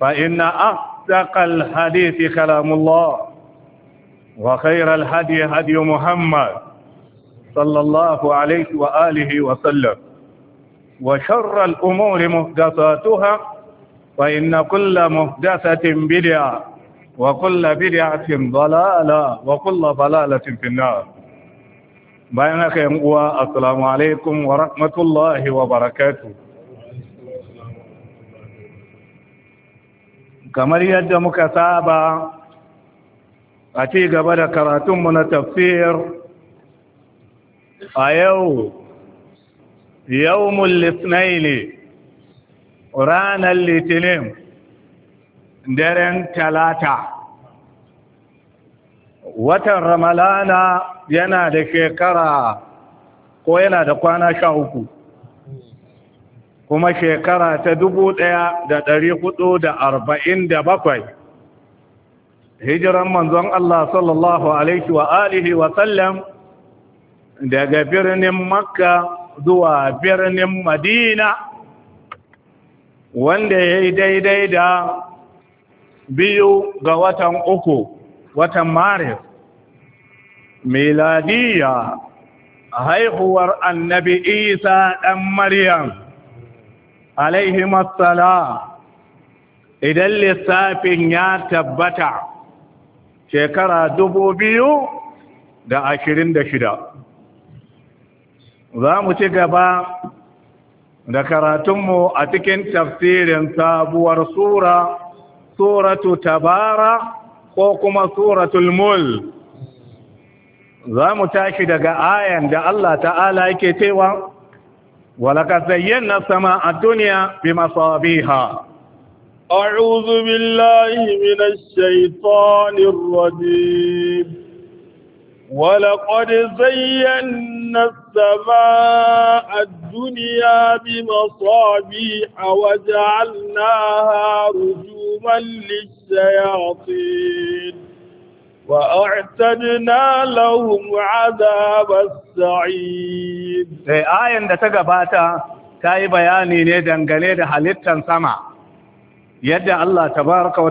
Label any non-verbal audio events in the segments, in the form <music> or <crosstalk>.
فإن أصدق الحديث كلام الله وخير الهدي هدي محمد صلى الله عليه وآله وسلم وشر الأمور محدثاتها فإن كل محدثة بدعة وكل بدعة ضلالة وكل ضلالة في النار بينك يا السلام عليكم ورحمة الله وبركاته kamar yadda muka saba a ci gaba da karatunmu na tafsir a yau yawmul ne, ranar litinin daren talata watan ramalana yana da shekara ko yana da kwana sha uku kuma shekara ta dubu ɗaya da ɗari hudu da arba'in da bakwai hijiran manzon Allah sallallahu alaihi wa alihi wa sallam daga birnin makka zuwa birnin madina wanda ya yi daidai da biyu ga watan uku watan maris miladiya haihuwar annabi isa ɗan maryam Alaihi masala, idan lissafin ya tabbata shekara dubu biyu da ashirin da shida za mu ci gaba da karatunmu a cikin tafsirin sabuwar sura suratu tabara ko kuma suratul mul za mu tashi daga ayan da Allah ta'ala yake cewa ولقد زينا السماء الدنيا بمصابيها أعوذ بالله من الشيطان الرجيم ولقد زينا السماء الدنيا بمصابيح وجعلناها رجوما للشياطين وأعتدنا لهم عذاب السعيد sai eh, ayan da ta gabata ta yi bayani ne dangane da halittar sama yadda Allah tabaraka wa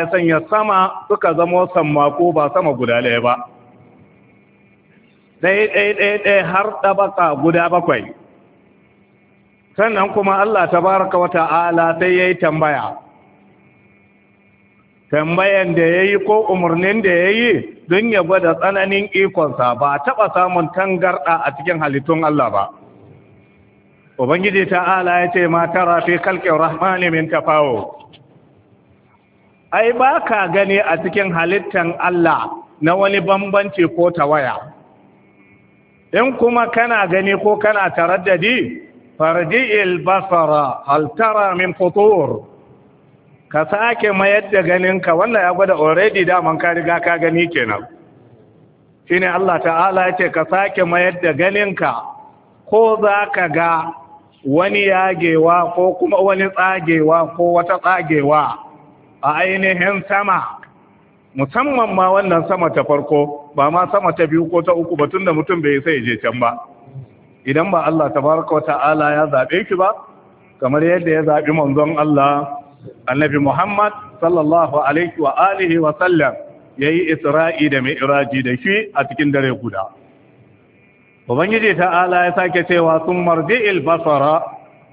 ya sanya sama suka zama sammako ba sama guda ɗaya ba ɗaya ɗaya ɗaya har ɗabaka guda bakwai sannan kuma Allah tabaraka wa ta'ala sai ya yi tambaya tambayan da ya yi ko umarnin da ya yi don ya gwada tsananin ikonsa ba a taɓa samun tangarɗa a cikin halittun Allah ba. Ubangiji ta'ala ya ce mata rafi kalkin rahmani min tafawo. Ai, ba ka gani a cikin halittan Allah na wani bambanci ko tawaya. In kuma kana gani ko kana taraddadi, farji il basara, haltara min fitur. ka sake mayar da ganinka wannan ya gwada already daman ka riga ka gani kenan shine Allah ta'ala ya ce ka sake mayar da ganinka ko za ka ga wani yagewa ko kuma wani tsagewa ko wata tsagewa a ainihin sama musamman ma wannan sama ta farko ba ma sama ta biyu ko ta uku ba tunda mutum bai sai je can ba idan ba Allah tabaraka ta'ala ya zabe ki ba kamar yadda ya zabi manzon Allah annabi Muhammad sallallahu alaihi wa alihi wa sallam yayi Isra'i da Mi'raji da shi a cikin dare guda Ubangiji Ala ya sake cewa sun marji'il basara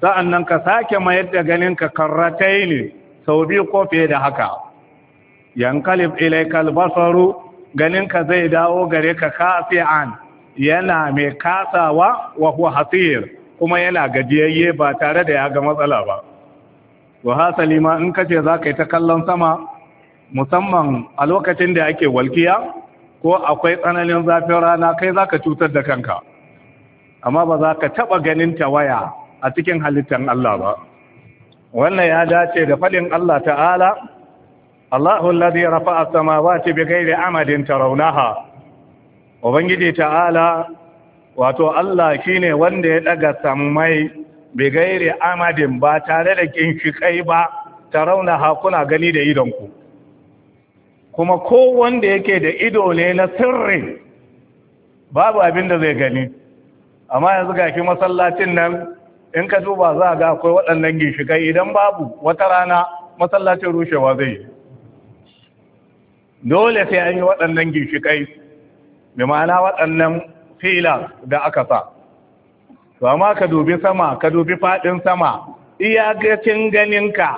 sa'annan ka sake mayar da ganin ka karratai ne sau biyu ko fiye da haka yankalif ilaikal basaru ganin ka zai dawo gare ka kasi'an yana mai kasawa wa huwa hasir kuma yana gajiyayye ba tare da ya ga matsala ba wa hasali ma in kace za ka yi ta kallon sama musamman a lokacin da ake walkiya ko akwai tsananin zafin rana kai za ka cutar da kanka amma ba za ka taɓa ganin tawaya a cikin halittar Allah ba wannan ya dace da faɗin Allah ta'ala Allahu alladhi rafa'a samawati bighairi amadin tarawnaha Ubangiji ta'ala wato Allah shine wanda ya daga samai bai amadin ba tare da kai ba ta rauna hakuna gani da idonku kuma ko wanda yake da ido ne na sirri babu abin da zai gani amma yanzu ga shi masallacin nan in ka duba za ga akwai waɗannan ginshikai idan babu wata rana masallacin rushewa zai dole sai an yi waɗannan ginshikai mai ma'ana waɗannan fila da aka sa to amma ka dubi sama ka dubi faɗin sama ganin ganinka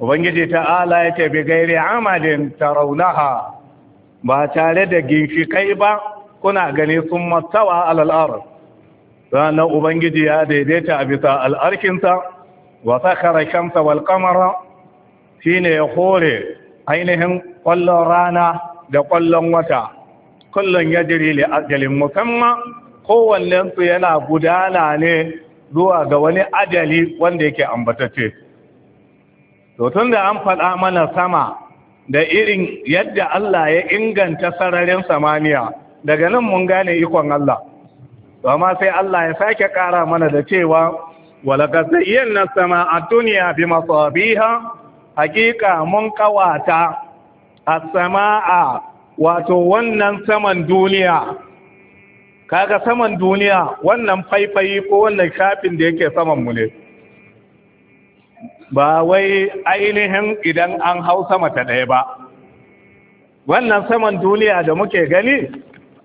ubangiji ta'ala ya tafi bi gairi amalin taraunaha ba tare da ginshikai ba kuna gani sun matsawa al'ar ranar ubangiji ya daidaita a bisa al'arkinsa wa sakara shamsa wal ne shine ya hore ainihin kwallon rana da kwallon wata kullum ya jiri li ajalin musamman kowannensu yana gudana ne zuwa ga wani ajali wanda yake ambatace, to tun da an faɗa mana sama da irin yadda Allah ya inganta sararin samaniya daga nan mun gane ikon Allah to ma sai Allah ya sake ƙara mana da cewa walaqad na as-samaa'a ad-dunya bimasabiha haƙiƙa mun a sama a wato wannan saman duniya kaga saman duniya wannan faifayi ko wannan shafin da yake saman mu ne ba wai ainihin idan an hau sama ta ɗaya ba wannan saman duniya da muke gani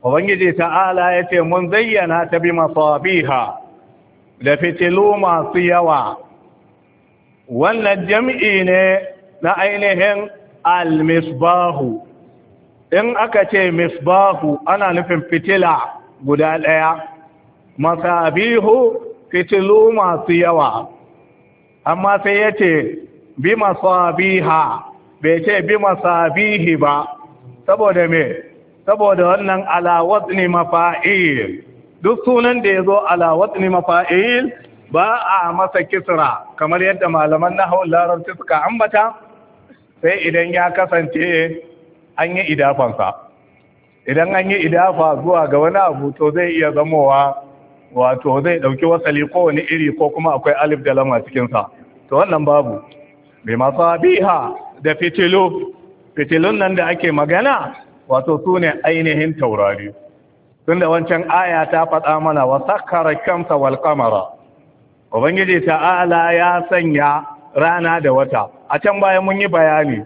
ubangiji ta'ala ya ce mun zayyana ta bi masabiha da fitilu masu yawa wannan jam'i ne na ainihin al-misbahu in aka ce misbahu ana nufin fitila guda ɗaya masabihu fitilu masu yawa amma sai ya ce bi masabiha bai ce bi masabihi ba saboda me saboda wannan alawatni mafa'il duk sunan da ya zo alawatni mafa'il ba a masa kisra kamar yadda malaman na hawan larabci suka ambata sai idan ya kasance an yi idafansa idan an yi idafa zuwa ga wani abu to zai iya zamowa wato zai dauki wasali ko wani iri ko kuma akwai alif da lam a cikin sa to wannan babu bi biha da fitilu fitilun nan da ake magana wato sune ainihin taurari tunda wancan aya ta faɗa mana wa sakkara kamsa wal qamara ubangiji ta'ala ya sanya rana da wata a can baya mun yi bayani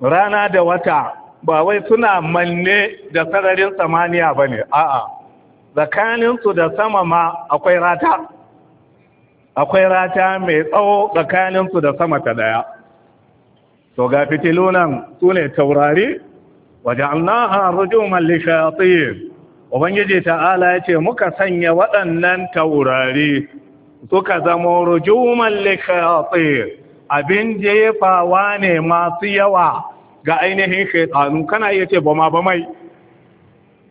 rana da wata ba wai suna manne da sararin samaniya ba ne a'a tsakaninsu da sama ma akwai rata akwai rata mai tsawo tsakaninsu da sama ta daya to ga fitilunan su ne taurari waje allaha rujuman lishayatin ubangiji ta'ala ya ce muka sanya waɗannan taurari suka zama rujuman lishayatin abin jefawa ne masu yawa ga ainihin shaitanu kana iya ce ba ma ba mai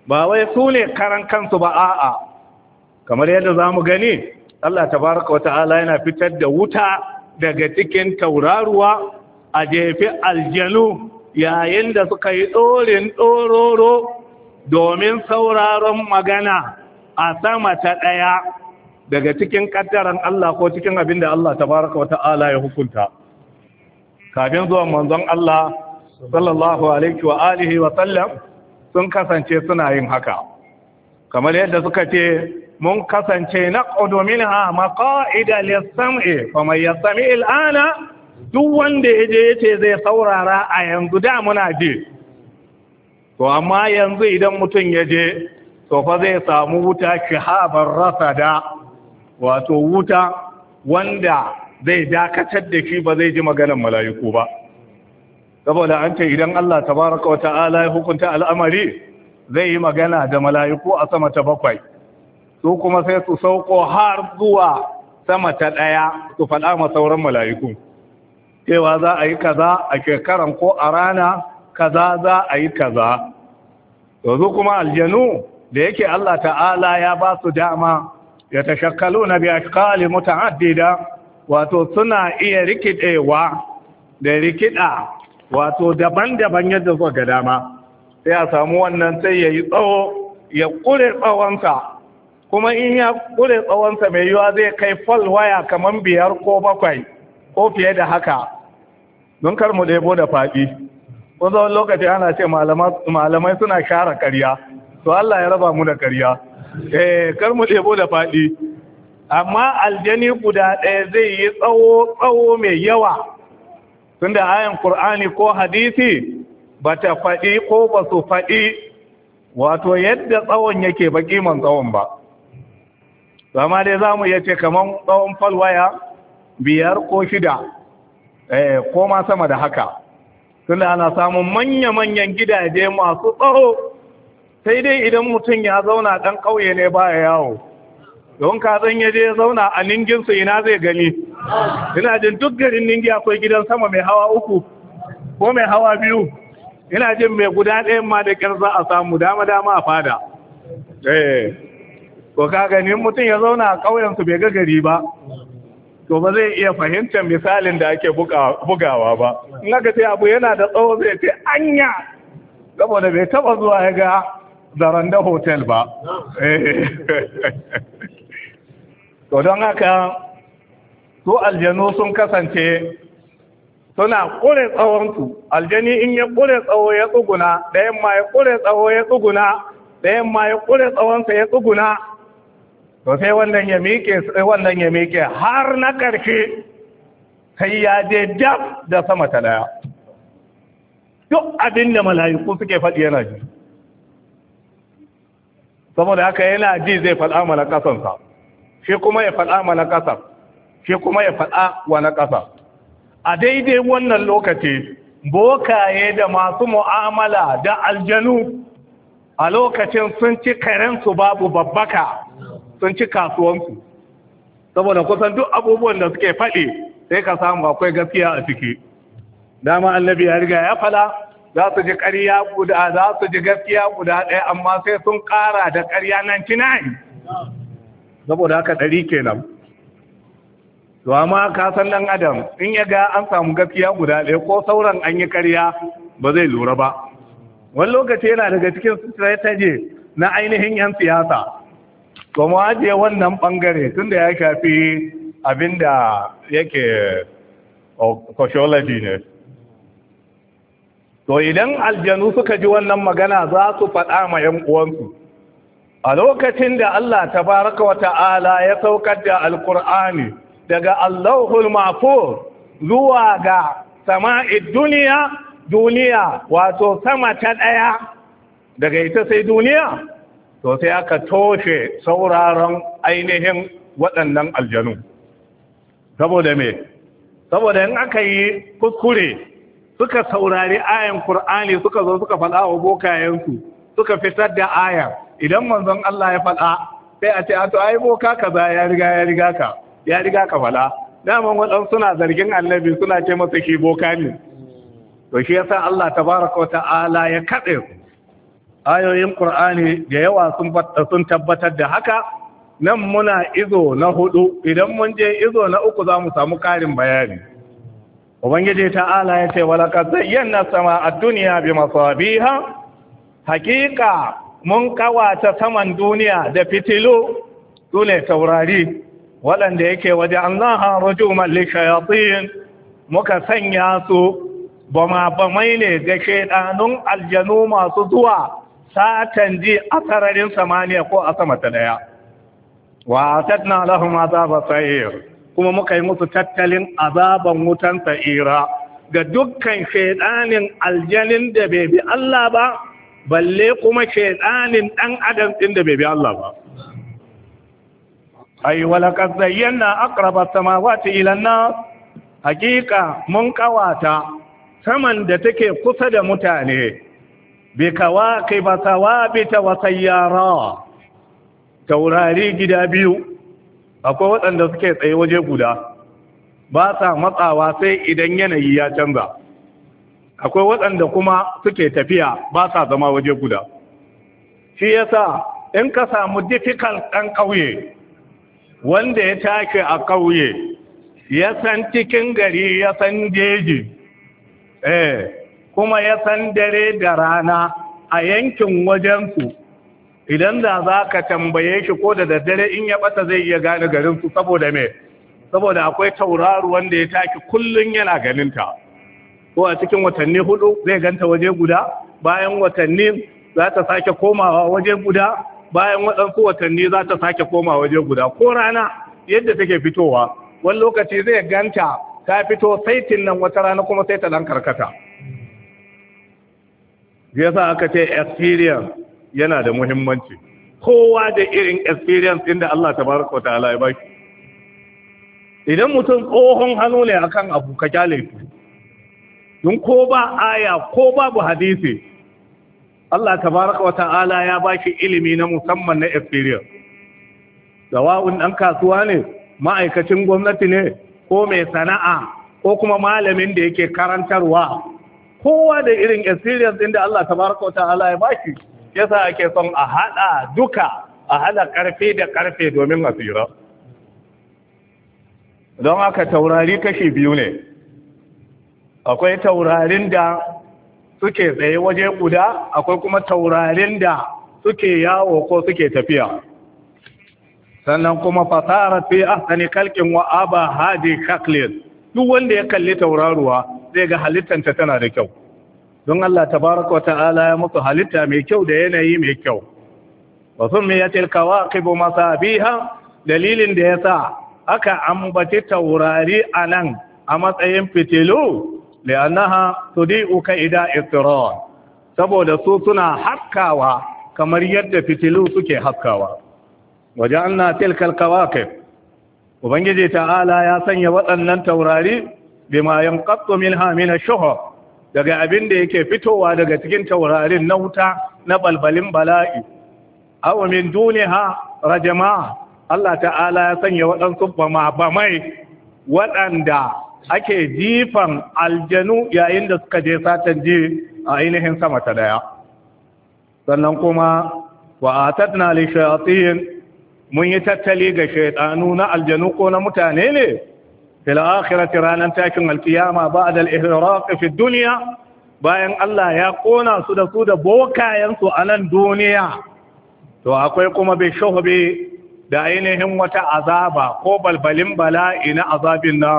ba wai su ne karan kansu ba a'a kamar yadda za mu gani Allah Ta tabaraka wa ta'ala yana fitar da wuta daga cikin tauraruwa a jefi aljanu yayin da suka yi ɗorin ɗororo domin sauraron magana a sama ta ɗaya daga cikin ƙaddaran Allah ko cikin abin da Allah tabaraka wa ta'ala ya hukunta kafin zuwan manzon Allah sallallahu alaihi wa alihi wa sallam sun kasance suna yin haka kamar yadda suka ce mun kasance na minha maqa'ida lis-sam'i faman yastami al-ana duk wanda yaje yace zai saurara a yanzu da muna ji to amma yanzu idan mutum yaje to fa zai samu wuta kihabar rasada wato wuta wanda zai dakatar da shi ba zai ji maganar mala'iku ba saboda an ce idan Allah tabaraka wa ta'ala ya hukunta al'amari zai yi magana da mala'iku a sama ta bakwai su kuma sai su sauko har zuwa sama ta ɗaya su faɗa ma sauran mala'iku cewa za a yi kaza a shekaran ko a rana kaza za a yi kaza yanzu kuma aljanu da yake Allah ta'ala ya ba su dama ya tashakkalu na biya shikali muta'addida wato suna iya rikidewa da rikida wato daban-daban yadda suka ga dama sai a samu wannan sai ya yi tsawo ya ƙure tsawonsa kuma in ya ƙure tsawonsa mai yiwa zai kai fal waya kamar biyar ko bakwai ko fiye da haka don kar mu ɗebo da faɗi wanzu lokaci ana ce malamai suna share karya to Allah ya raba mu da karya eh kar mu ɗebo da faɗi amma aljani guda ɗaya zai yi tsawo mai yawa tunda ayan Qur'ani ko hadisi bata faɗi ko ba su faɗi wato yadda tsawon yake ba kiman tsawon ba zama dai za mu iya ce kamar tsawon falwaya biyar ko shida eh, ko ma sama da haka tunda ana samun manya-manyan gidaje masu tsaro sai dai idan mutum ya zauna ɗan ƙauye ne baya yawo don ka zan ya zauna a ninginsu ina zai gani ina jin duk garin ningi akwai gidan sama mai hawa uku ko mai hawa biyu ina jin mai guda ɗayan ma da kyar za a samu dama dama a fada eh ko ka gani mutum ya zauna a su bai ga gari ba to ba zai iya fahimtar misalin da ake bugawa ba in ga sai abu yana da tsawo zai ce anya saboda bai taba zuwa ya ga zaranda hotel ba eh. <laughs> to don haka su aljanu sun kasance suna ƙure tsawonsu aljani in ya ƙure tsawo ya tsuguna ɗayan ma ya ƙure tsawo ya tsuguna ɗayan ma ya ƙure tsawonsa ya tsuguna to sai wannan ya miƙe wannan ya miƙe har na ƙarshe sai ya je dab da sama ta ɗaya duk abin da mala'iku suke faɗi yana ji saboda haka yana ji zai faɗa mala ƙasansa shi kuma ya faɗa mala ƙasar shi kuma ya faɗa wa na ƙasa a daidai wannan lokaci bokaye da masu mu'amala da aljanu a lokacin sun ci karensu babu babbaka sun ci kasuwansu saboda kusan duk abubuwan da suke faɗi sai ka samu akwai gaskiya a ciki dama annabi ya riga ya fala za su ji ƙarya guda za su ji gaskiya guda ɗaya amma sai sun ƙara da ƙarya nan cinai saboda haka ɗari kenan to amma ka san dan adam in ya ga an samu gaskiya guda ɗaya ko sauran an yi ƙarya ba zai lura ba wani lokaci yana daga cikin strategy na ainihin yan siyasa to mu ajiye wannan bangare tunda ya shafi abinda yake oh, sociology ne to idan aljanu suka ji wannan magana za su faɗa ma yan uwansu a lokacin da Allah tabaraka wa ta'ala ya saukar da alkur'ani daga allahul mafur zuwa ga sama'id duniya duniya wato sama ta ɗaya daga ita sai duniya to sai aka toshe sauraron ainihin waɗannan aljanu saboda me saboda in aka yi kuskure suka saurari ayan Kur'ani suka zo suka faɗa wa bokayensu suka fitar da ayan idan manzon Allah ya faɗa sai a ce a to ai boka kaza ya riga ya riga ka ya riga ka fala daman waɗansu suna zargin annabi suna ce masa shi boka ne to shi yasa Allah tabaraka wa ta'ala ya kaɗe ayoyin Qur'ani da yawa sun sun tabbatar da haka nan muna izo na hudu idan mun je izo na uku za mu samu karin bayani ubangiji ta'ala ya ce walaka zayyana sama'a dunya bi masabiha hakika mun kawata saman duniya da fitilu sune taurari waɗanda yake waje an zaha rajuman lishayatin muka sanya su bamabamai bamai ne ga shaidanun aljanu masu zuwa satan ji a sararin samaniya ko a sama ta daya wa tattana lahum azaba sa'ir kuma muka yi musu tattalin azaban wutan sa'ira ga dukkan shaidanin aljanin da bai bi Allah ba balle kuma shaidanin ɗan adam ɗin da bai bi Allah ba ai walaqad zayyana aqraba samawati ila an-nas haqiqa mun qawata saman da take kusa da mutane bi kawaqib thawabita wa sayyara taurari gida biyu akwai waɗanda suke tsaye waje guda ba sa matsawa sai idan yanayi ya canza akwai waɗanda kuma suke tafiya ba sa zama waje guda shi yasa in ka samu difficult ɗan ƙauye wanda ya tashi a ƙauye ya san cikin gari ya san jeji eh, kuma ya san dare da rana a yankin wajensu idan da za ka tambaye shi ko da daddare in ya bata zai iya gane garinsu saboda me saboda akwai tauraru wanda ya taki kullum yana ganinta ko a cikin watanni hudu zai ganta waje guda bayan watanni za ta sake komawa waje guda bayan waɗansu watanni za ta sake koma waje guda ko rana yadda take fitowa wani lokaci zai ganta ta fito saitin nan wata rana kuma sai ta ɗan karkata yasa aka ce experience yana da muhimmanci kowa da irin experience inda Allah ta tabaraka ta'ala ya baki idan mutum tsohon hannu ne akan abu ka kyale ko ba aya ko babu hadisi Allah tabaraka wata'ala ya baki ilimi na musamman na experience sawa'un ɗan kasuwa ne ma'aikacin gwamnati ne ko mai sana'a ko kuma malamin da yake karantarwa kowa da irin experience ɗin da Allah tabaraka wata'ala ya baki yasa ake son a haɗa duka a hada ƙarfe da ƙarfe domin a don haka taurari kashi biyu ne akwai taurarin da suke tsaye waje guda akwai kuma taurarin da suke yawo ko suke tafiya sannan kuma fasara fi ahsani kalkin wa aba hadi kaklin duk wanda ya kalli tauraruwa zai ga halittanta tana da kyau don Allah tabaraka ta'ala ya musu halitta mai kyau da yanayi mai kyau wa masa kawaqib masabiha dalilin da ya yasa aka ambaci taurari anan a matsayin fitilu li'annaha tudi'uka ida iftirar saboda su suna haskawa kamar yadda fitilu suke haskawa waje anna tilkal kawakib ubangiji ta'ala ya sanya waɗannan taurari bima yanqattu minha min shuhur daga abinda da yake fitowa daga cikin taurarin na wuta na balbalin bala'i aw min duniha rajama Allah ta'ala ya sanya waɗansu bama bamai waɗanda ake jifan aljanu yayin da suka je satan ji a ainihin sama ta daya sannan kuma wa na li shayatin mun yi tattali ga shaiɗanu na aljanu ko na mutane ne fil akhirati ranan takin alqiyama ba'da al-ihraq fi dunya bayan Allah ya kona su da su da bokayen su a nan duniya to akwai kuma bi shuhbi da ainihin wata azaba ko balbalin bala'i na azabin na.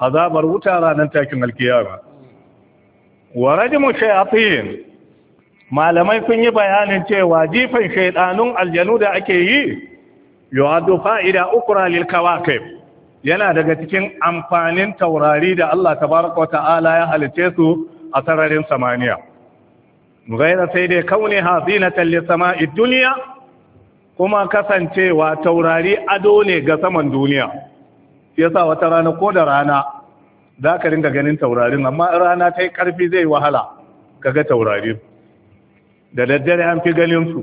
azabar wuta ranar takin alkiyama wa rajmu shayatin malamai sun yi bayanin cewa jifan shaidanun aljanu da ake yi yu'addu fa'ida ukra lil kawakib yana daga cikin amfanin taurari da Allah tabaraka ta'ala ya halice su a sararin samaniya gaira sai dai kaune hazinatan lis sama'i duniya kuma kasancewa taurari ado ne ga saman duniya shi yasa wata rana ko da rana za ka ringa ganin taurarin amma rana ta yi ƙarfi zai wahala ka ga taurarin da daddare an fi ganinsu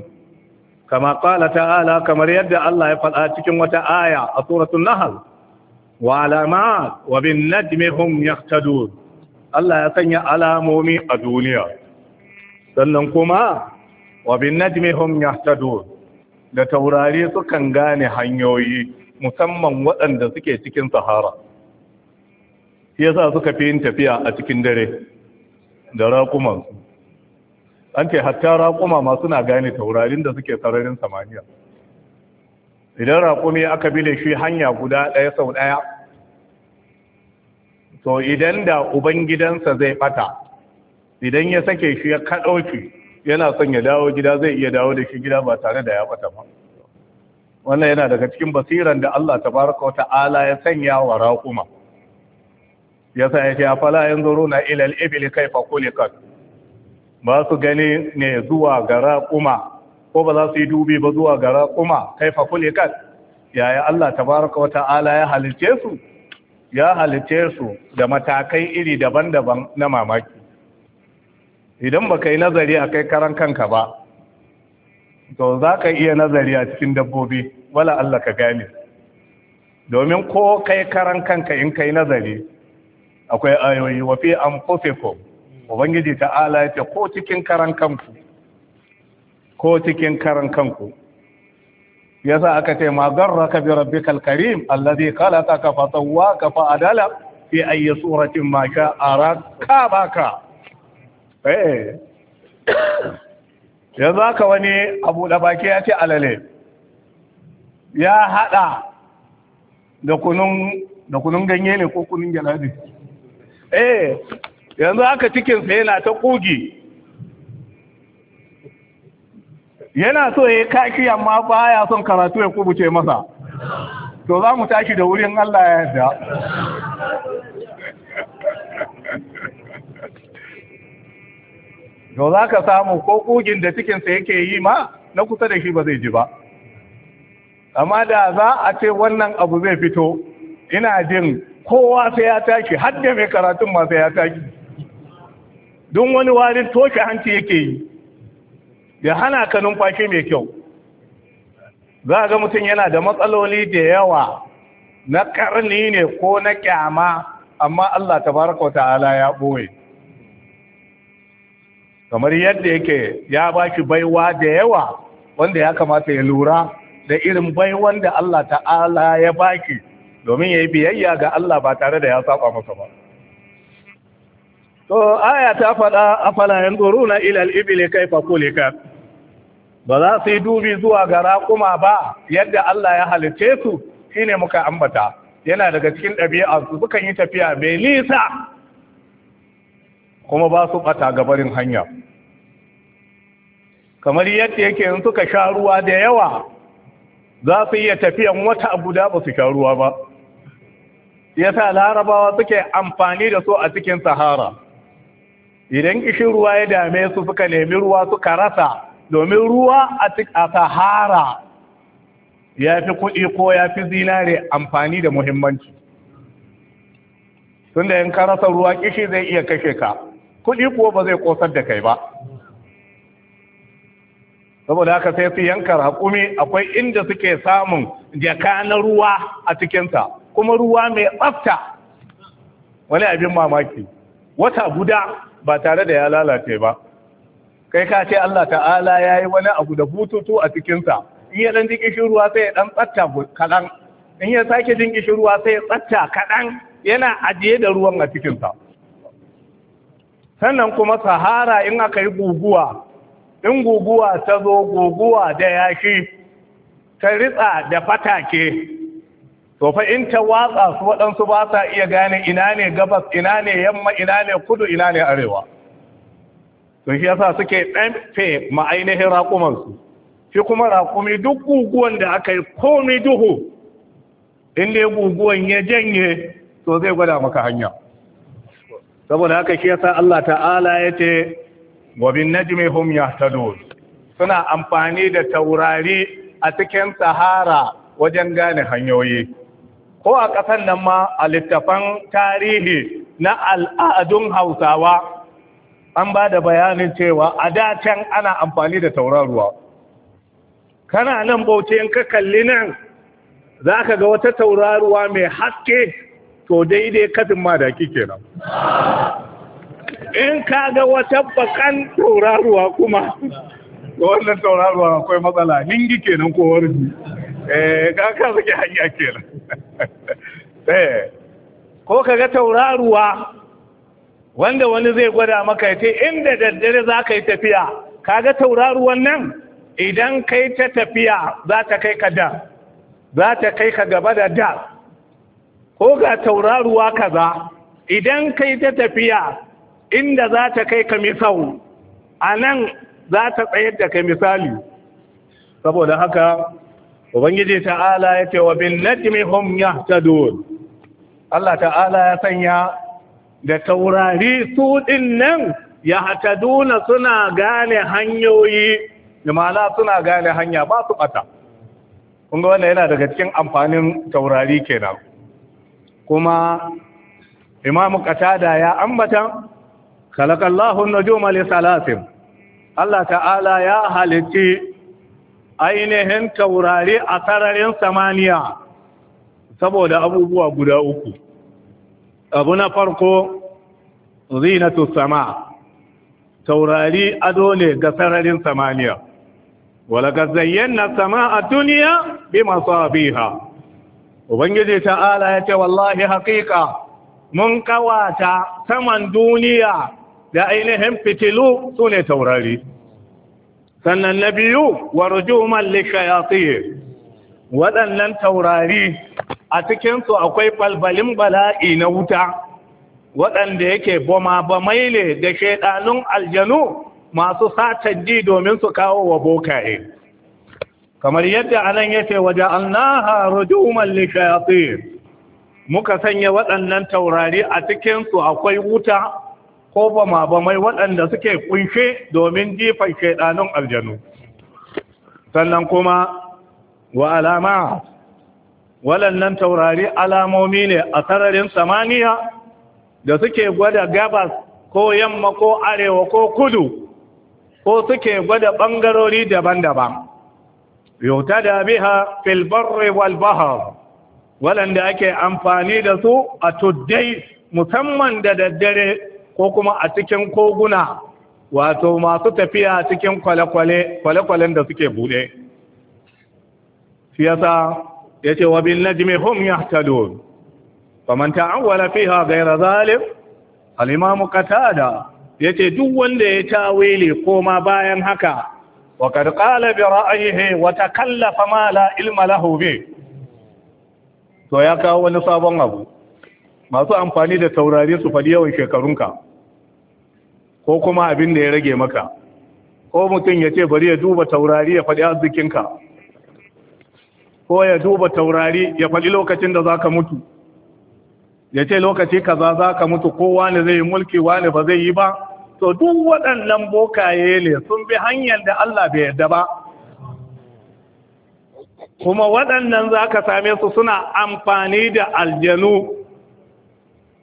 kama ƙala kamar yadda Allah ya faɗa cikin wata aya a suratun nahal wa alama wa bin najmihum yahtadun Allah ya sanya alamomi a duniya sannan kuma wa bin najmihum yahtadun da taurari sukan gane hanyoyi musamman waɗanda suke cikin sahara ya sa suka fi yin tafiya a cikin dare da raƙumansu an ce hatta raƙuma ma suna gane taurarin da suke sararin samaniya idan raƙumi aka bile shi hanya guda ɗaya sau ɗaya to idan da ubangidansa zai ɓata idan ya sake shi ya kaɗauki yana son ya dawo gida zai iya dawo da shi gida ba tare da ya ɓata ba wannan yana daga cikin basiran da Allah tabaraka wa ta'ala ya sanya wa raƙuma yasa fala afala yanzuruna ila al ibili kayfa khuliqat ba su gani ne zuwa ga raƙuma ko ba za su yi dubi ba zuwa ga raƙuma kaifa khuliqat yaya Allah tabaraka wa ta'ala ya halice su ya halice su da matakai iri daban-daban na mamaki idan baka yi nazari a kai karan kanka ba to za ka iya nazari a cikin dabbobi wala Allah ka gane domin ko kai karan kanka in kai nazari akwai ayoyi wa fi anfusikum ubangiji ala ya ce ko cikin karan kanku ko cikin karan kanku yasa aka ce ma garraka bi rabbikal karim alladhi khalaqaka fa sawwaka fa adala fi ayi suratin ma sha'a ka baka eh yanzu haka wani abu da baki ya ce alale ya hada da kunun ganye ne ko kunun gyalabi eh yanzu haka cikinsa yana ta kogi yana so ya kaki amma ba ya son karatu ya kubuce masa to za mu tashi da wurin Allah ya yarda to za ka samu ko ƙugin da cikinsa yake yi ma na kusa da shi ba zai ji ba amma da za a ce wannan abu zai fito ina jin kowa sai ya tashi har da mai karatun ma ya tashi don wani warin toshe hanci yake yi ya hana ka numfashi mai kyau za a ga mutum yana da matsaloli da yawa na karni ne ko na ƙyama, amma Allah tabaraka wa ta'ala ya ɓoye kamar yadda yake ya ba shi baiwa da yawa wanda ya kamata ya lura da irin baiwan da Allah ta'ala ya baki domin ya yi biyayya ga Allah ba tare da ya saba masa ba to aya ta faɗa a afala yanzuruna na al-ibli kayfa khuliqat ba za su yi dubi zuwa ga raƙuma ba yadda Allah ya halitce su shi ne muka ambata yana daga cikin ɗabi'a su sukan yi tafiya mai nisa kuma ba su ɓata gabarin hanya kamar yadda yake in suka sha ruwa da yawa za su iya tafiyan wata abu da ba su sha ruwa ba yasa larabawa suke amfani da su a cikin sahara idan kishin ruwa ya dame su suka nemi ruwa suka rasa domin ruwa a sahara ya fi kuɗi ko ya fi zinare amfani da muhimmanci tunda in ka rasa ruwa kishi zai iya kashe ka kuɗi kuwa ba zai kosar da kai ba saboda haka sai su yankar raƙumi akwai inda suke samun jaka na ruwa a cikinsa kuma ruwa mai tsafta wani abin mamaki wata guda ba tare da ya lalace ba kai ka ce Allah ta'ala ya yi wani abu da bututu a cikinsa in ya ɗan ji ruwa sai ya ɗan tsatta kaɗan in ya sake jin ruwa sai ya tsatta kaɗan yana ajiye da ruwan a cikinsa sannan kuma sahara in aka yi guguwa in guguwa ta zo guguwa da yashi ta ritsa da fatake to fa in ta watsa su waɗansu ba sa iya gane ina ne gabas ina ne yamma ina ne kudu ina ne arewa to shi yasa suke ɗanfe ma'ainihin raƙumansu shi kuma raƙumi duk guguwan da aka yi komi duhu in dai guguwan ya janye to zai gwada maka hanya saboda haka shi yasa Allah ta'ala ya ce wa bin najmi hum yahtadun suna amfani da taurari a cikin sahara wajen gane hanyoyi ko a kasan nan ma a littafan tarihi na al'adun hausawa an ba da bayanin cewa a da can ana amfani da tauraruwa kana nan bauchi in ka kalli nan za ka ga wata tauraruwa mai haske to daidai katin ma madaki kenan in ka ga wata bakan tauraruwa kuma da wannan tauraruwa akwai matsala ningi kenan ko warji eh ka ka saki hanya kenan <laughs> eh ko ka ga tauraruwa wanda wani zai gwada maka ya ce inda daddare za ka yi tafiya ka ga tauraruwan nan idan kai ta tafiya za ta kai ka da za ta kai ka gaba da da ko ga tauraruwa kaza idan kai ta tafiya inda za ta kai ka misau a nan za ta tsayar da ka misali saboda haka ubangiji ta'ala ya ce wa bin najmi hum yahtadun Allah ta'ala ya sanya da taurari su din nan yahtaduna suna gane hanyoyi jimala suna gane hanya ba su bata kun ga yana daga cikin amfanin taurari kenan kuma imamu Katada ya ambata khalaqallahu an-nujuma li salasin Allah ta'ala ya halitti ainihin taurari a sararin samaniya saboda abubuwa guda uku abu na farko zinatu sama taurari ado ne ga sararin samaniya walaka zayyana sama a duniya bi masu ubangiji ta'ala ya ce wallahi haƙiƙa mun kawata saman duniya da ainihin fitilu su ne taurari sannan na biyu wa rujuman lishayatiye waɗannan taurari a cikinsu akwai balbalin bala'i na wuta waɗanda yake bama-bamai ne da shaiɗanun aljanu masu satan ji domin su kawo wa bokaye kamar yadda anan yace annaha rujuman shayatin muka sanya waɗannan taurari a cikin su akwai wuta ko ba mai waɗanda suke kunshe domin jifan shaidanun aljanu sannan kuma wa alama waɗannan taurari alamomi ne a sararin samaniya da suke gwada gabas ko yamma ko arewa ko kudu ko suke gwada ɓangarori daban-daban yautada biha fil barri wal bahr walanda ake amfani da su a tuddai musamman da daddare ko kuma a cikin koguna wato masu tafiya cikin kwale kwalen da suke buɗe. Siyasa yasa yace wa bin najmi hum yahtadun faman ta'awwala fiha ghayra zalim al-imam qatada yace duk wanda ya tawili ko ma bayan haka وقد قال برأيه وتكلف ما لا علم له به to ya kawo wani sabon abu masu amfani da taurari su faɗi yawan shekarunka ko kuma abin da ya rage maka ko mutum ya ce bari ya duba taurari ya faɗi arzikinka ko ya duba taurari ya faɗi lokacin da za ka mutu ya ce lokaci kaza za ka mutu ko wani zai yi mulki wani ba zai yi ba to duk waɗannan bokaye ne sun bi hanyar da Allah bai yarda ba kuma waɗannan za ka same su suna amfani da aljanu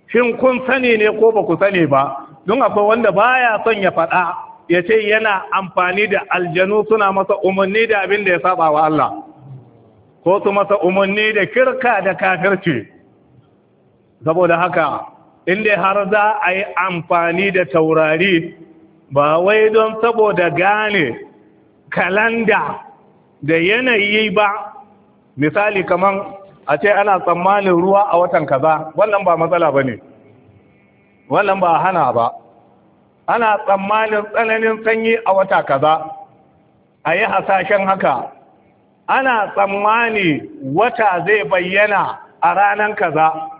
shin kun sani ne ko ba ku sani ba don akwai wanda baya son ya faɗa ya ce yana amfani da aljanu suna masa umarni da abin da ya saba wa Allah ko su masa umarni da kirka da kafirce? saboda haka inda har za a yi amfani da taurari ba wai don saboda gane kalanda da yanayi ba misali kamar a ce ana tsammanin ruwa a watan kaza wannan ba matsala ba ne wannan ba hana ba ana tsammanin tsananin sanyi a wata kaza a yi hasashen haka ana tsammani wata zai bayyana a ranar kaza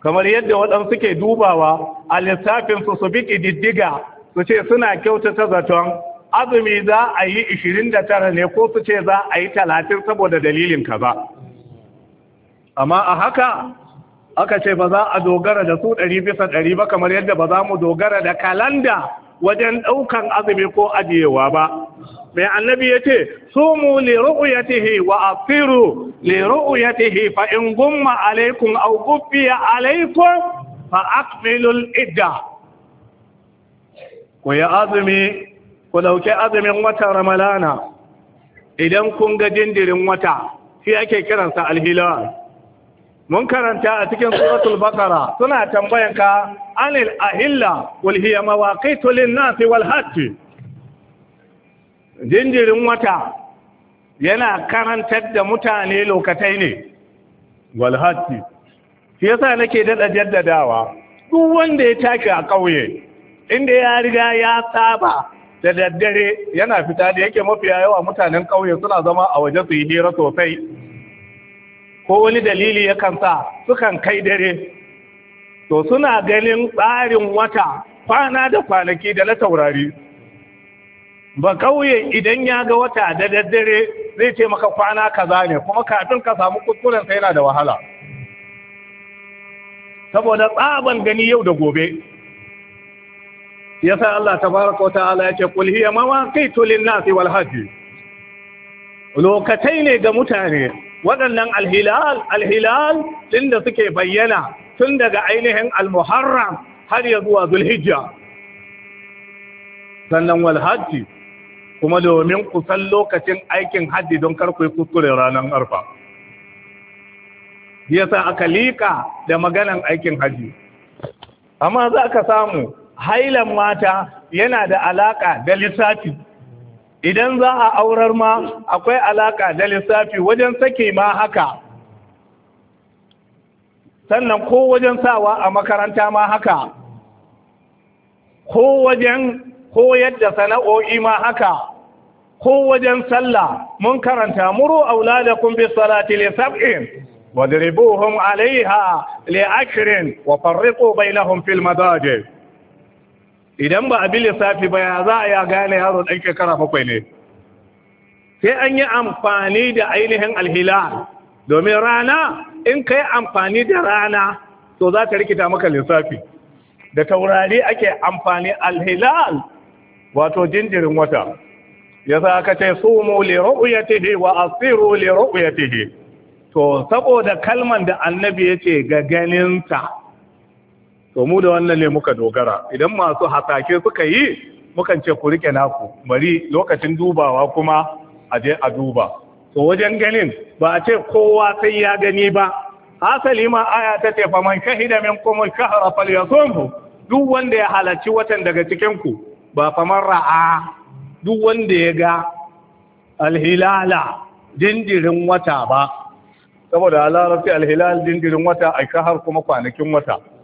kamar yadda waɗansu suke dubawa a lissafin su su biki diddiga su ce suna kyautata zaton azumi za a yi 29 ne ko su ce za a yi 30 saboda dalilin kaza amma a haka aka ce ba za a dogara da su ɗari bisa ɗari ba kamar yadda ba za mu dogara da kalanda wajen ɗaukan azumi ko ajiyewa ba mai annabi ya ce sumu li ru'yatihi wa afiru li ru'yatihi fa in gumma alaikum aw guffiya alaikum fa aqbilul idda ku yi azumi ku dauke azumin wata ramalana idan kun ga jindirin wata shi ake kiransa alhilal mun karanta a cikin suratul baqara suna tambayan ka anil ahilla wal hiya mawaqitu lin nas wal hajj jinjirin wata yana karantar da mutane lokatai ne wal hajj shi yasa nake dada jaddadawa duk wanda ya take a kauye inda ya riga ya saba da daddare yana fita da yake mafiya yawa mutanen kauye suna zama a waje su yi hira sosai ko wani dalili yakan sa sukan kai dare to suna ganin tsarin wata kwana da kwanaki da na taurari ba kauye idan ya ga wata da daddare zai ce maka kwana kaza ne kuma kafin ka samu kuskuren sai yana da wahala saboda tsaban gani yau da gobe Ya yasa Allah ta tabaraka wa ta'ala ce kulhiyar mawa kai tulin nasi walhaji lokacai lokatai ne ga mutane waɗannan alhilal alhilal ɗin da suke bayyana tun daga ainihin almuharram har ya zuwa zulhijja sannan walhajji kuma domin kusan lokacin aikin hajji don yi kuskure ranar arfa Ya sa aka liƙa da maganan aikin hajji amma za ka samu hailan mata yana da alaƙa da lissafi idan za a aurar ma akwai alaka da lissafi wajen sake ma haka sannan ko wajen sawa a makaranta ma haka ko wajen koyar da sana'o'i ma haka ko wajen sallah mun karanta muru auladakum bis salati li sab'in wadribuhum alaiha li ashrin wa farriqu bainahum fil madajid idan ba a bi lissafi ba ya za a ya gane yaro ɗan shekara bakwai ne sai an yi amfani da ainihin alhila domin rana in ka yi amfani da rana to za ta rikita maka lissafi da taurari ake amfani alhilal wato jinjirin wata ya za ka ce su mu liru'uyatihi wa asiru liru'uyatihi to saboda kalman da annabi ya ce ga ganinta. to mu da wannan ne muka dogara idan masu hasake suka yi mukan ce ku rike naku bari lokacin dubawa kuma a je a duba to wajen ganin ba a ce kowa sai ya gani ba asali ma aya ta ce fa man shahida minkum ash fal falyasumhu duk wanda ya halarci watan daga cikin ku ba man ra'a duk wanda ya ga al-hilala dindirin wata ba saboda a al-hilal dindirin wata a shahar kuma kwanakin wata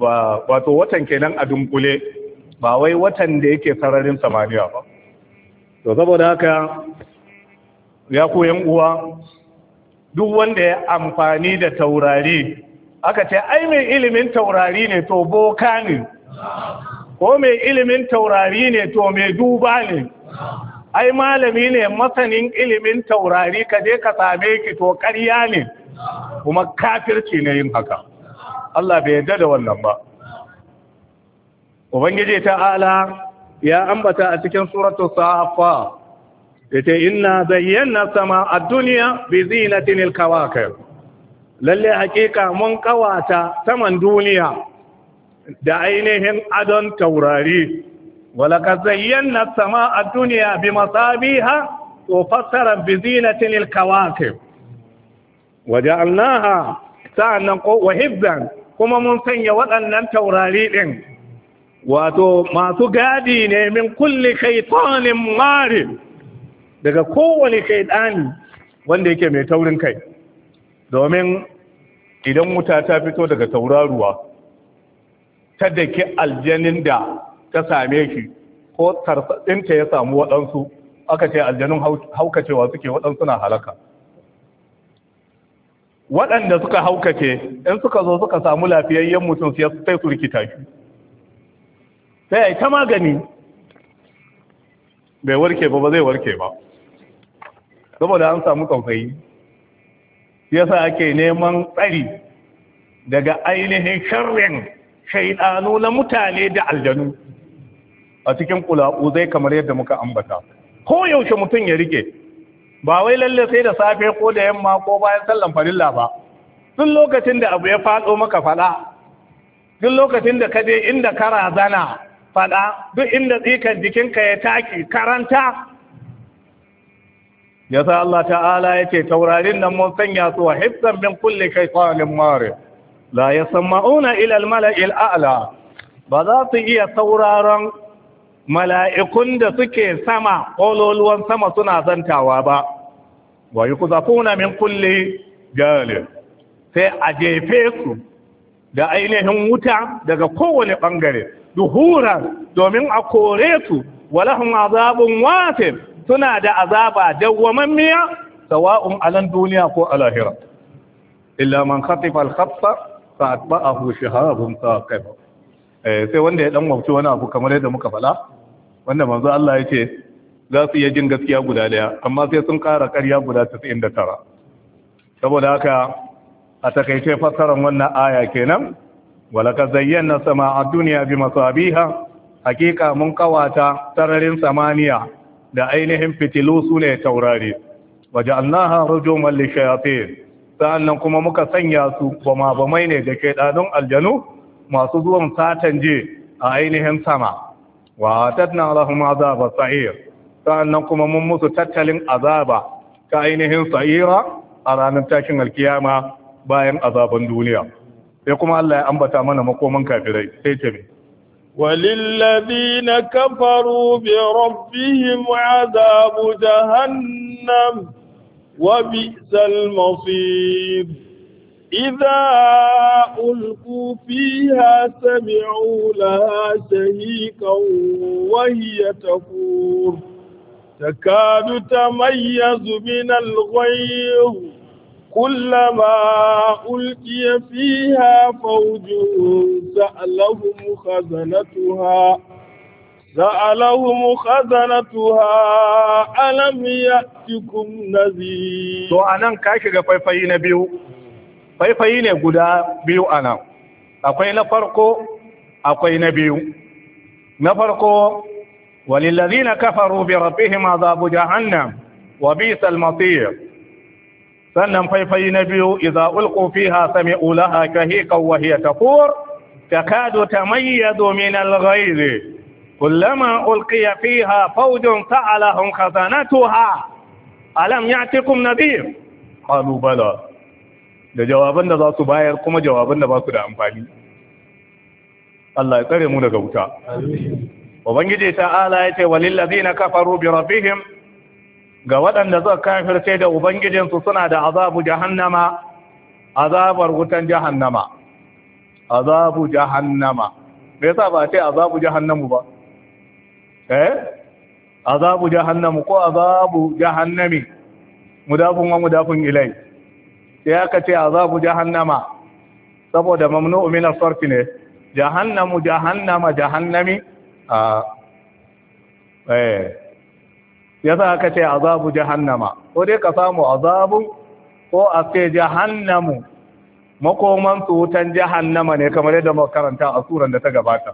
wato watan kenan a dunkule ba wai watan da yake sararin samaniya ba to saboda haka ya koyan uwa duk wanda ya amfani da taurari aka ce ai mai ilimin taurari ne to boka ne ko mai ilimin taurari ne to mai duba ne ai malami ne masanin ilimin taurari ka je ka same ki to ƙarya ne kuma kafirci ne yin haka Allah bai yarda da wannan ba ubangiji ta'ala ya ambata a cikin suratu safa yace inna zayyana sama a duniya bi zinatin al lalle hakika mun kawata saman duniya da ainihin adon taurari walaqad zayyana sama a duniya bi masabiha wa fassara bi zinatin al-kawakib waja'alnaha sa'an wa hibzan kuma mun sanya waɗannan taurari ɗin wato masu gadi ne min kulle kai shaitanin mari daga kowane kai ɗani wanda yake mai taurin kai domin idan wuta ta fito daga tauraruwa ta dake aljanin da ta same shi ko tarsaɗinta ya samu waɗansu aka ce aljanun haukacewa suke waɗansu na halaka waɗanda suka haukace in suka zo suka samu lafiyayyen mutum sai su rikita shi sai a ta magani bai warke ba ba zai warke ba saboda an samu kwamfayi yasa ake neman tsari daga ainihin sharrin shaidanu na mutane da aljanu a cikin kula'u zai kamar yadda muka ambata ko yaushe mutum ya rike ba wai lalle sai da safe ko da yamma ko bayan sallan farilla ba duk lokacin da abu ya faɗo maka faɗa duk lokacin da ka je inda ka razana faɗa duk inda tsikan jikinka ya taki karanta ya sa Allah ta'ala ya ce taurarin nan mun sanya su wa hifzan min kulli shaytanin mare la yasma'una ila al-mala'i al-a'la ba za su iya sauraron mala'ikun da suke sama ƙololuwan sama suna zantawa ba wa yuqzafuna min kulli janib sai a jefe su da ainihin wuta daga kowane bangare duhura domin a kore su walahum azabun wasif suna da azaba dawwamammiya sawa'un alan duniya ko alahira illa man khatifa al-khatfa fa atba'ahu shihabun thaqib eh, sai wanda ya dan wauci wani abu kamar yadda muka fala wanda manzo Allah yake za su iya jin gaskiya guda daya amma sai sun kara karya guda tara. saboda haka a takaice fassarar wannan aya kenan walaka zayyana sama a duniya bi masabiha hakika mun kawata sararin samaniya da ainihin fitilu su ne taurari waje allaha rujuman lishayatin sa'annan kuma muka sanya su bama bamai ne da ke ɗanun aljanu masu zuwan satan je a ainihin sama wa tatna za ba sa'ir sa'annan kuma mun musu tattalin azaba ta ainihin sa'ira a ranar tashin alkiyama bayan azaban duniya sai kuma Allah ya ambata mana makoman kafirai sai ce mai وللذين كفروا بربهم عذاب جهنم وبئس Iza إذا ألقوا فيها سمعوا لها شهيقا وهي tafur. تكاد تميز من الغيظ كلما ألقي فيها فوج سألهم خزنتها سألهم خزنتها ألم يأتكم نذير to anan ka shiga faifayi na biyu faifayi ne guda biyu anan akwai na farko akwai na biyu na farko وللذين كفروا بربهم عذاب جهنم وبئس المصير سنم في في نبي اذا القوا فيها سمعوا لها كهيقا وهي تفور تكاد تميز من الغيظ كلما القي فيها فوج سالهم خزانتها الم ياتكم نذير قالوا بلى da jawaban da za su bayar kuma jawaban da ba su ubangiji ta'ala yace walil ladina kafaru bi rabbihim ga waɗanda suka kafirce da ubangijinsu suna da azabu jahannama azabar wutan jahannama azabu jahannama me yasa ba ce azabu jahannamu ba eh azabu jahannamu ko azabu jahannami mudafun wa mudafun ilai sai aka ce azabu jahannama saboda mamnu'u min as-sarf ne jahannamu jahannama jahannami a eh yasa aka ce azabu jahannama ko dai ka samu azabu ko a ce jahannamu makoman su wutan jahannama ne kamar yadda muka karanta a suran da ta gabata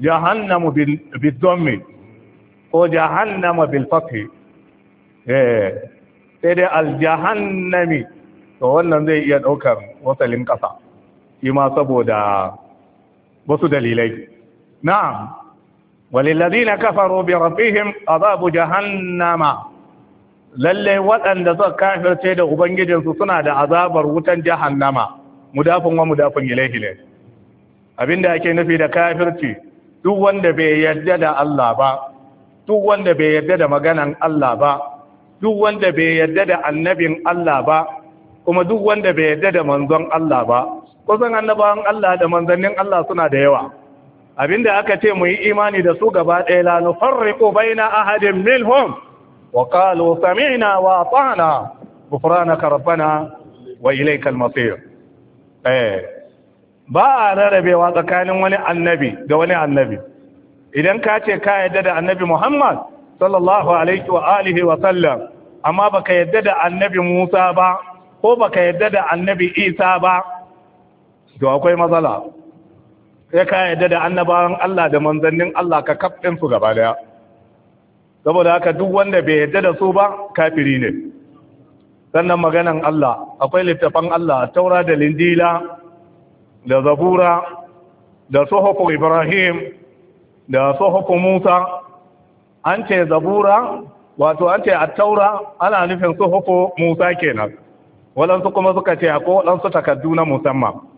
jahannamu bil dhammi ko jahannama bil fathi eh, sai dai al jahannami to wannan zai iya daukar wasalin kasa shi ma saboda wasu dalilai na'am walilladina kafaru bi rabbihim azabu jahannama lalle waɗanda suka kafirce da ubangijinsu suna da azabar wutan jahannama mudafin wa mudafin ilaihi ne abinda ake nufi da kafirci duk wanda bai yarda da Allah ba duk wanda bai yarda da maganan Allah ba duk wanda bai yarda da annabin Allah ba kuma duk wanda bai yarda da manzon Allah ba kusan annabawan Allah da manzannin Allah suna da yawa abinda aka ce mu yi imani da su gaba ɗaya la nufarriqu baina ahadin minhum wa qalu sami'na wa ata'na ghufranaka rabbana wa ilaykal eh, ba a rarrabewa tsakanin wani annabi da wani annabi idan ka ce ka yadda da annabi Muhammad sallallahu alaihi wa alihi wa sallam amma baka yadda da annabi Musa ba ko baka yadda da annabi Isa ba to akwai matsala sai ka yadda da annabawan Allah da manzannin Allah ka kafin su gaba daya saboda haka duk wanda bai yadda da su ba kafiri ne sannan maganan Allah akwai littafan Allah taura da lindila da zabura da sohoko ibrahim da sohoko musa an ce zabura wato an ce a taura ana nufin sohoko musa kenan waɗansu kuma suka ce ko waɗansu takardu na musamman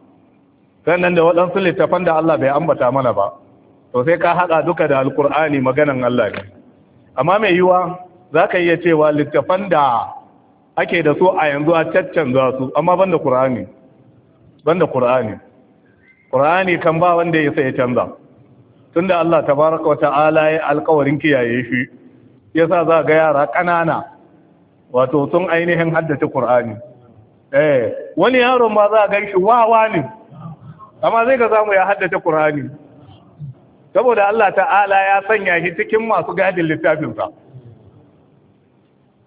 sannan da waɗansu littafan da Allah bai ambata mana ba to sai ka haɗa duka da alkur'ani maganan Allah ne amma mai yiwa za ka iya cewa littafan da ake da su a yanzu a za su amma ban da ƙur'ani ban da ƙur'ani ƙur'ani kan ba wanda ya sai canza tun da Allah tabaraka ala ya alkawarin kiyaye shi ya sa za ga yara ƙanana wato sun ainihin haddace ƙur'ani eh wani yaron ma za a gan shi wawa ne amma zai ka samu ya haddace Qur'ani saboda Allah ta'ala ya sanya shi cikin masu gadin littafinsa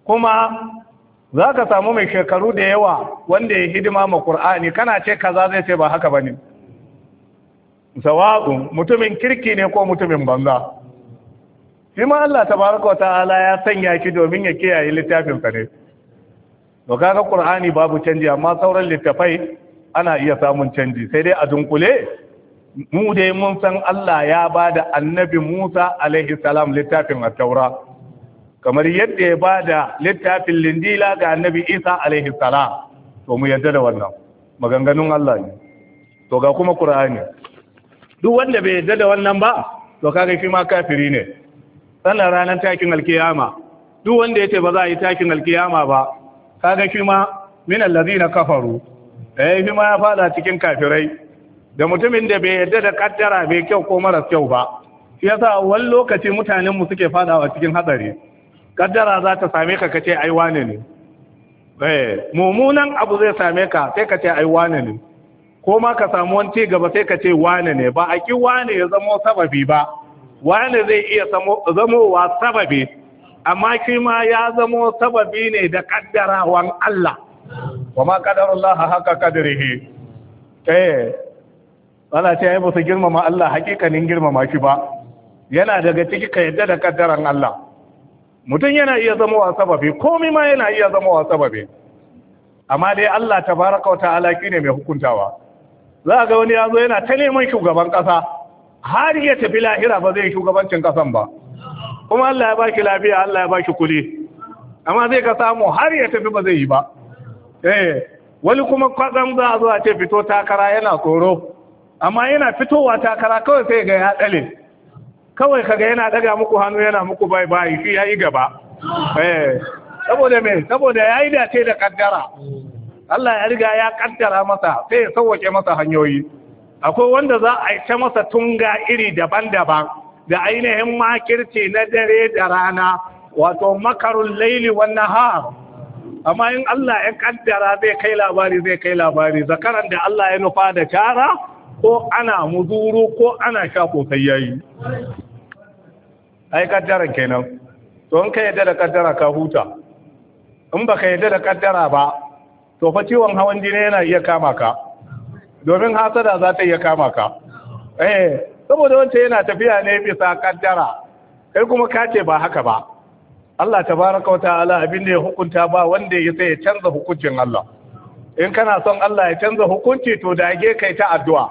kuma za ka samu mai shekaru da yawa wanda ya hidima ma Qur'ani kana ce kaza zai ce ba haka ba ne. sawa'un mutumin kirki ne ko mutumin banza shi ma Allah baraka wa ta'ala ya sanya shi domin ya kiyaye littafinsa ne to kaga Qur'ani babu canji amma sauran littafai ana iya samun canji sai dai a dunkule mu dai mun san Allah ya ba da annabi Musa alaihi salam littafin at-taura kamar yadda ya ba da littafin lindila ga annabi Isa alaihi salam to mu yadda da wannan maganganun Allah ne to ga kuma Qur'ani duk wanda bai yadda da wannan ba to kaga shi ma kafiri ne sannan ranar takin alkiyama duk wanda yace ba za a yi takin alkiyama ba kaga shi ma min allazina kafaru eh shi ma ya fada cikin kafirai da mutumin da bai yarda da kaddara bai kyau ko maras kyau ba shi yasa wani lokaci mutanen mu suke fadawa cikin hatsari kaddara za ta same ka kace ai wane ne eh mumunan abu zai same ka sai kace ai wane ne ko ma ka samu wani ci gaba sai kace wane ne ba a ki wane ya zamo sababi ba wane zai iya zamowa sababi amma kima ya zamo sababi ne da kaddarawan Allah wa ma allah haka qadrihi eh wala ce ai musu girmama Allah hakikanin girmama shi ba yana daga ciki ka yadda da kaddaran Allah mutum yana iya zama wa sababi komai ma yana iya zama wa sababi amma dai Allah tabaraka wa ta'ala ne mai hukuntawa za ga wani yazo yana ta neman shugaban kasa har ya tafi lahira ba zai shugabancin kasan ba kuma Allah ya baki lafiya Allah ya baki kuli amma zai ka samu har ya tafi ba zai yi ba eh wani kuma kwatsam za a zo a ce fito takara yana tsoro amma yana fitowa takara kawai sai ga ya tsale kawai kaga yana daga muku hannu yana muku bai bai shi yayi gaba eh saboda me saboda yayi da ce da kaddara Allah ya riga ya kaddara masa sai ya sauke masa hanyoyi akwai wanda za a ta masa tunga iri daban-daban da ainihin makirci na dare da rana wato makarun laili wan nahar amma in Allah ya kaddara zai kai labari zai kai labari zakaran da Allah ya nufa da cara ko ana muzuru ko ana sha kosai yayi ai kaddara kenan to in ka yadda da kaddara ka huta in baka yadda da kaddara ba to fa ciwon hawan jini yana iya kama ka domin hasada za ta iya kama ka eh saboda wancan yana tafiya ne bisa kaddara kai kuma kace ba haka ba Allah tabaraka wa ta'ala abin da ya hukunta ba wanda ya sai ya canza hukuncin Allah in kana son Allah ya canza hukunci to dage kai ta addu'a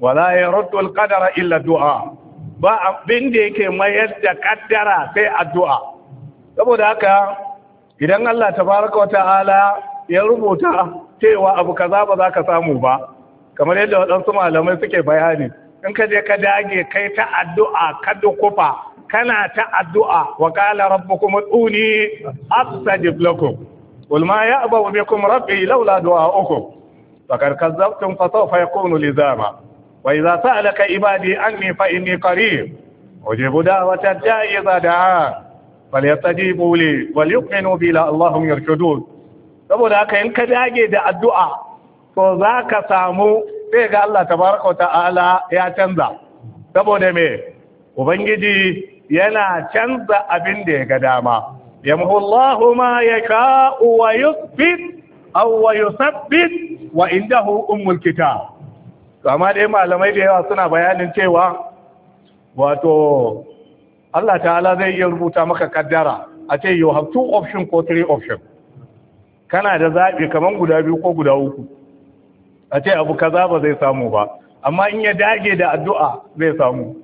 wala yaruddu al illa du'a ba abin da yake mayar da kaddara sai addu'a saboda haka idan Allah tabaraka wa ta'ala ya rubuta cewa abu kaza ba za ka samu ba kamar yadda waɗansu malamai suke bayani in ka je ka dage kai ta addu'a ka dukufa kana ta addu'a wa qala rabbukum ud'uni astajib lakum qul ma ya'ba bikum rabbi laula du'a'ukum faqad kazzabtum fa sawfa yakunu lizama wa idza sa'alaka ibadi anni fa inni qarib ujibu da'wata da'i idza da'a falyastajibu li walyu'minu bi la allahum yarshudun saboda haka in ka dage da addu'a to zaka samu sai ga Allah tabaraka ta'ala ya canza saboda me ubangiji yana canza abin da ya ga dama yamhu Allahu ma yasha'u wa yuthbit aw wa yusabbit wa indahu ummul kitab amma dai malamai da yawa suna bayanin cewa wato Allah ta'ala zai iya rubuta maka kaddara a ce you have two option ko three option kana da zaɓi kamar guda biyu ko guda uku a ce abu kaza ba zai samu ba amma in ya dage da addu'a zai samu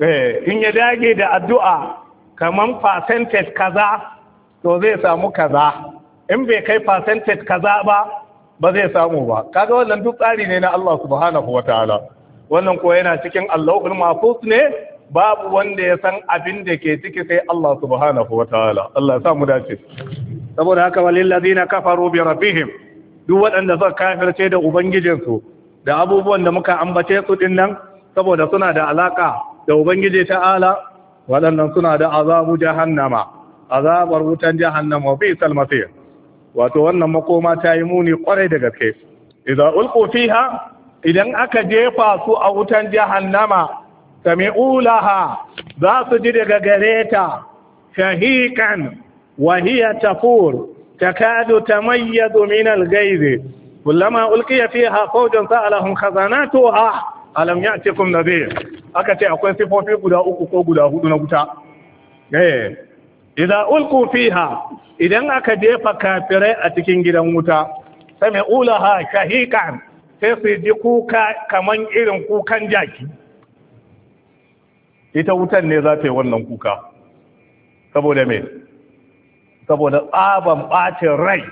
eh, in ya dage da addu'a kamar percentage kaza to zai samu kaza in bai kai percentage kaza ba ba zai samu ba kaga wannan duk tsari ne na Allah subhanahu wataala wannan ko yana cikin Allahul mahfuz ne babu wanda ya san abin da ke ciki sai Allah subhanahu wataala Allah ya sa mu dace saboda haka walil ladina kafaru bi rabbihim duk waɗanda suka kafirce da ubangijinsu da abubuwan da muka ambace su din nan saboda suna da alaka da ubangiji Ala, waɗannan suna da azabu jahannama azabar wutan jahannama bi salmasir wato wannan makoma ta yi muni kwarai da gaske idza ulqu fiha idan aka jefa su a wutan jahannama sami'u laha za su ji daga gareta shahikan wahiya hiya tafur takadu tamayyazu min al-ghayz kullama ulqiya fiha fawjan sa'alahum khazanatuha alam ya'tikum nadhir aka ce akwai sifofi guda uku ko guda hudu na wuta eh idza ulqu fiha idan aka jefa kafirai a cikin gidan wuta sami'u laha shahiqan sai su ji kuka kaman irin kukan jaki ita wutan ne za ta yi wannan kuka saboda me saboda tsaban ɓacin rai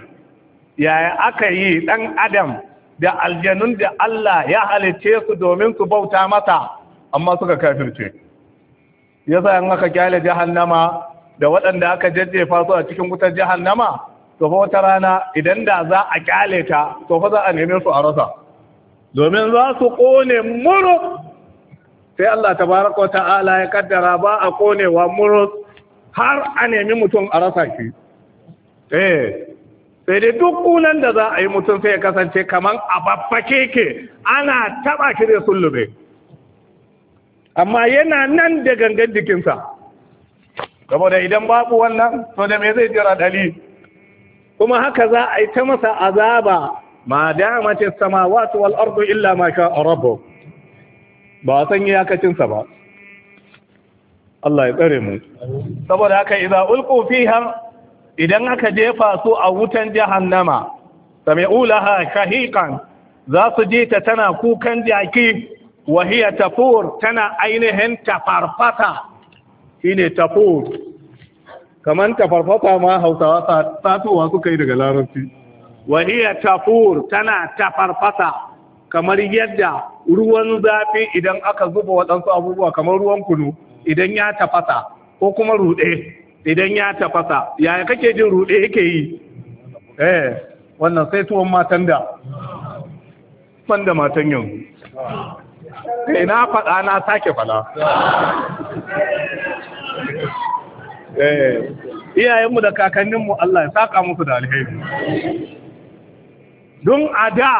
yaya aka yi ɗan adam da aljanun da Allah ya halice su domin su bauta mata amma suka kafirce sa in aka kyale jahannama da waɗanda aka jajje faso a cikin wutar jahannama to fa wata rana idan da za a kyale ta to fa za a neme su a rasa domin za su kone murus sai Allah Ta wa ta'ala ya kaddara ba a konewa murus har a nemi mutum a rasa shi eh sai dai duk kunan da za a yi mutum sai ya kasance kamar a babbake ke ana taba shi da sullube amma yana nan da gangan jikinsa saboda idan babu wannan to da me zai jira dali kuma haka za a yi ta masa azaba ma damace sama, wal ardu illa ma sha'a rabbuk ba san iyakacin yakacinsa ba Allah ya tsare mu saboda haka idza ulqu fiha idan aka jefa su a wutan jahannama sami'u laha shahiqan za su ji ta tana kukan jaki wa hiya tafur tana ainihin tafarfata shine tafur kaman tafarfata ma Hausawa wa suka yi daga larabci wa hiya tafur tana tafarfata kamar yadda ruwan zafi idan aka zuba waɗansu abubuwa kamar ruwan kunu idan ya tafasa ko kuma rude. idan ya tafasa yaya kake jin rude yake yi eh wannan sai tuwon matan da ban da matan yin. sai na faɗa na sake faɗa eh iyayenmu da kakanninmu Allah ya saka musu da alheri don a da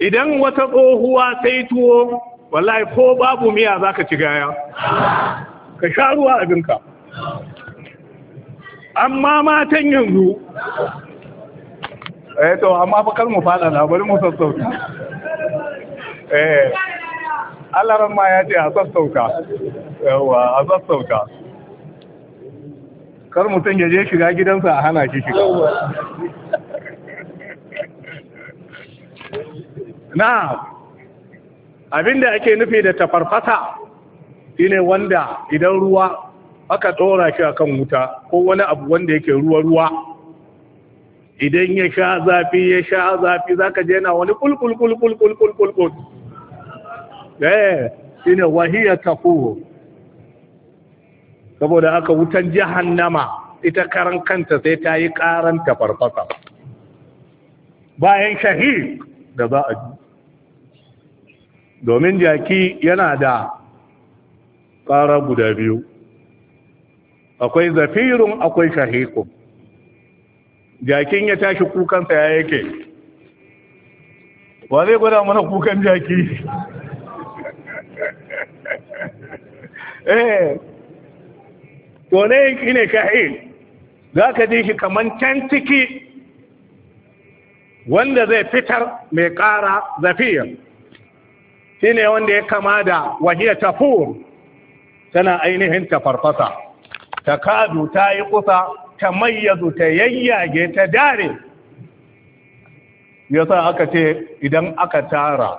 idan wata tsohuwa sai tuwo wallahi ko babu miya zaka ci gaya ka sha ruwa abinka amma matan yanzu eh to amma fa kar mu fada na bari mu sassauta eh Allah ran ma ya ce a sassauta yawa a sassauta kar mutum ya je shiga gidansa a hana shi shiga na abinda ake nufi da tafarfata shine wanda idan ruwa aka ɗora shi akan wuta ko wani abu wanda yake ruwa-ruwa idan ya sha zafi ya sha zafi za ka jena wani kulkulkulkulkulkulkulkul eh shine wahiyar tafuhu saboda aka wutan jahannama ita karan kanta sai ta yi karanta farfasa bayan shahi da za a ji domin jaki yana da ƙara guda biyu akwai zafirun akwai shahiku jakin ya tashi kukansa ya yake wa zai gwada mana kukan jaki eh to ne shi ne shahil za ka ji shi kamar can ciki wanda zai fitar mai kara zafiyar shi ne wanda ya kama da wahiyar tafur tana ainihin tafarfasa ta kadu ta yi kusa ta mayyazu ta yayyage ta dare Ya sa aka ce idan aka tara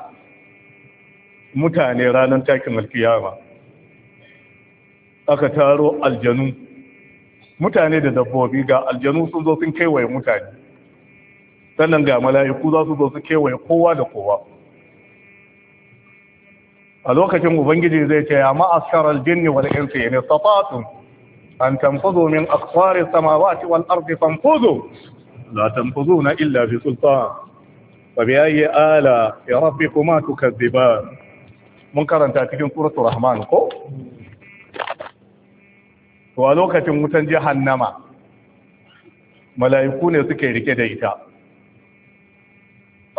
mutane ranar takin alkiyama aka taro aljanu mutane da dabbobi ga aljanu sun zo sun kewaye mutane sannan ga mala'iku za su zo su kewaye kowa da kowa a lokacin ubangiji zai ce ya ma'askar wani wal insi ne safatun an tanfudu min aqsari samawati wal ardi fanfudu la tanfuzuna illa bi sultan fa bi ayyi ala ya rabbikuma tukadziban mun karanta cikin suratul rahman ko to lokacin wutan jahannama Malayiku ne suke rike da ita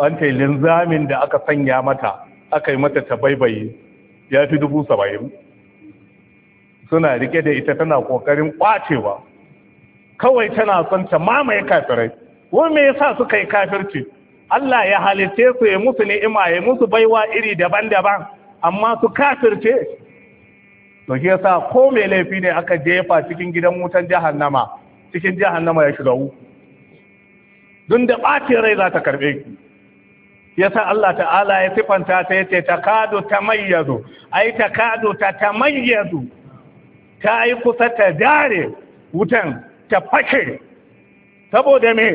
an linzamin da aka sanya mata aka yi mata tabaibayi ya fi dubu saba'in suna rike da ita tana kokarin kwacewa kawai tana son ta mamaye kafirai ko me yasa suka yi kafirci Allah ya halitte su ya musu ni'ima ya musu baiwa iri daban-daban amma su kafirce to ke yasa ko me laifi ne aka jefa cikin gidan wutan jahannama cikin jahannama ya shiga uku dun da bace rai za ta karbe ki yasa Allah ta'ala ya sifanta ta yace takadu tamayyazu ai takadu ta tamayyazu ta yi kusa ta dare wutan ta fashe saboda me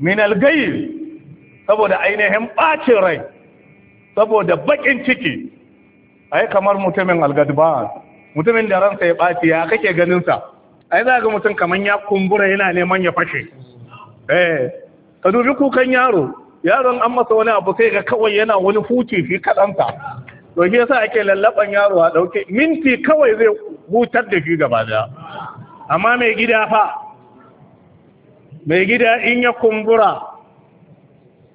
minal gayi saboda ainihin ɓacin rai saboda baƙin ciki ai kamar mutumin algadba mutumin da ransa ya ɓaci ya kake ganinsa ai za ga mutum kamar ya kumbura yana neman ya fashe eh ka dubi kukan yaro yaron an masa wani abu sai ga kawai yana wani huci shi kaɗansa to shi yasa ake lallaban yaro a ɗauke minti kawai zai butar da shi gaba daya amma mai gida fa mai gida in ya kumbura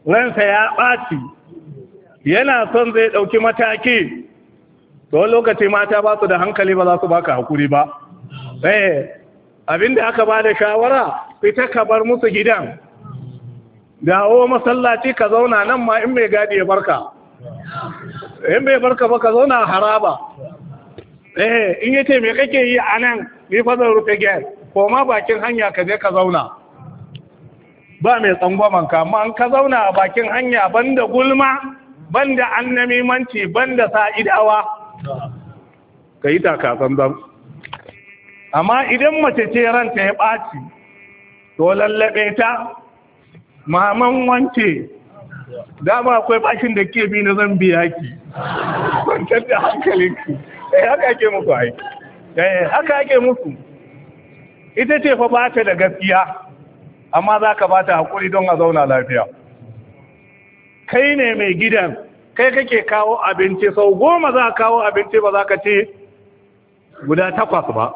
ransa ya ɓaci yana son zai ɗauki mataki to lokaci mata ba su da hankali ba za su baka hakuri ba ɗaya eh, abinda aka ba da shawara fita ka bar musu gidan dawo masallaci ka zauna nan ma in mai gadi ya barka in bai barka ba ka zauna haraba eh in yace me kake yi a nan ni fa rufe gate ko ma bakin hanya ka je ka zauna ba mai tsangwaman ka amma an ka zauna a bakin hanya banda gulma banda ban banda sa'idawa ka yi taka zan amma idan mace ce ranta ya ɓaci to lallaɓe ta maman wance dama akwai bashin da ke bi na zan biya ki kwantar da hankalinki Eh, haka ake musu ai eh, ita ce fa ba ta da gaskiya amma za ka ba ta haƙuri don a zauna lafiya kai ne mai gidan kai kake kawo abinci sau goma za a kawo abinci ba za ka ce guda takwas ba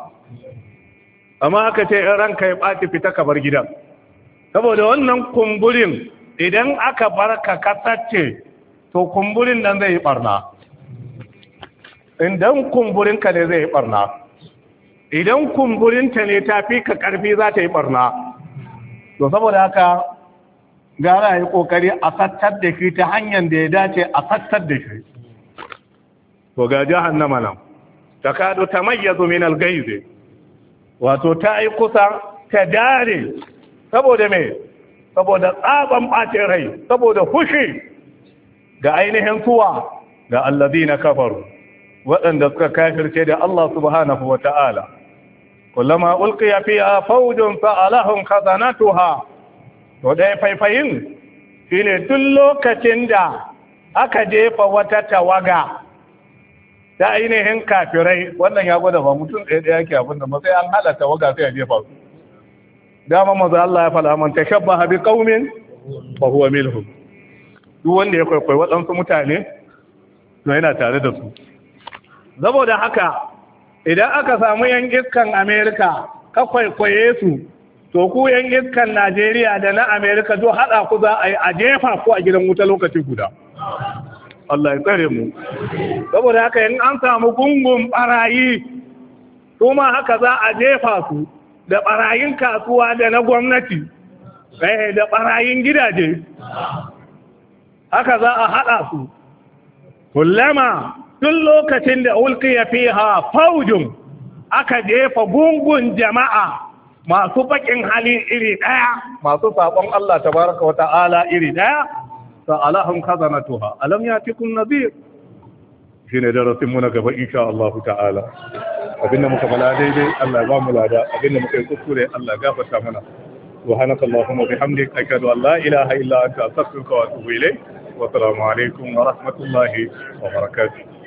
amma aka ce in ranka ya ɓaci fita ka bar gidan saboda wannan kumburin idan aka bar ka kasance to kumburin nan zai yi ɓarna idan kumburinka ne zai yi barna idan kumburinta ne ta fi ka karfi za ta yi barna to saboda haka gara yi kokari a sattar da shi ta hanyar da ya dace a sattar da shi to ga jahannama nan ta kado ta mayyazo min algaize wato ta yi kusa ta dare saboda me saboda tsaban ɓacin rai saboda fushi ga ainihin suwa ga allazi na kafaru waɗanda suka kafirce da Allah subhanahu wa ta'ala kullama ulqiya fiha fawjun sa'alahum khazanatuha to dai faifayin shine tun lokacin da aka jefa wata tawaga ta ainihin kafirai wannan ya gwada ba mutum ɗaya ɗaya ke abin da matsayi an hada tawaga sai a jefa su dama maza Allah ya fala man shabba habi ƙaumin ba huwa milhu. duk wanda ya kwaikwayi waɗansu mutane to yana tare da su saboda haka idan aka samu yan iskan amerika ka kwaikwaye su to ku yan iskan najeriya da na amerika zo haɗa ku za a yi a jefa ku a gidan wuta lokaci guda Allah ya tsare mu saboda haka in an samu gungun barayi su haka za a jefa su da barayin kasuwa da na gwamnati eh, da barayin gidaje haka za a haɗa su kullama duk lokacin da ulqiya fiha faujun aka jefa gungun jama'a masu bakin hali iri ɗaya masu saƙon Allah tabaraka wa ta'ala iri ɗaya sa'alahum khazanatuha alam yatikum nadhir shine darasin mu na gaba insha Allah ta'ala abinda muka bala daidai Allah ba mu lada abinda muka yi kuskure Allah gafarta mana subhanaka allahumma bihamdik ashhadu an la ilaha illa anta astaghfiruka wa atubu ilayk wa assalamu alaikum wa rahmatullahi wa barakatuh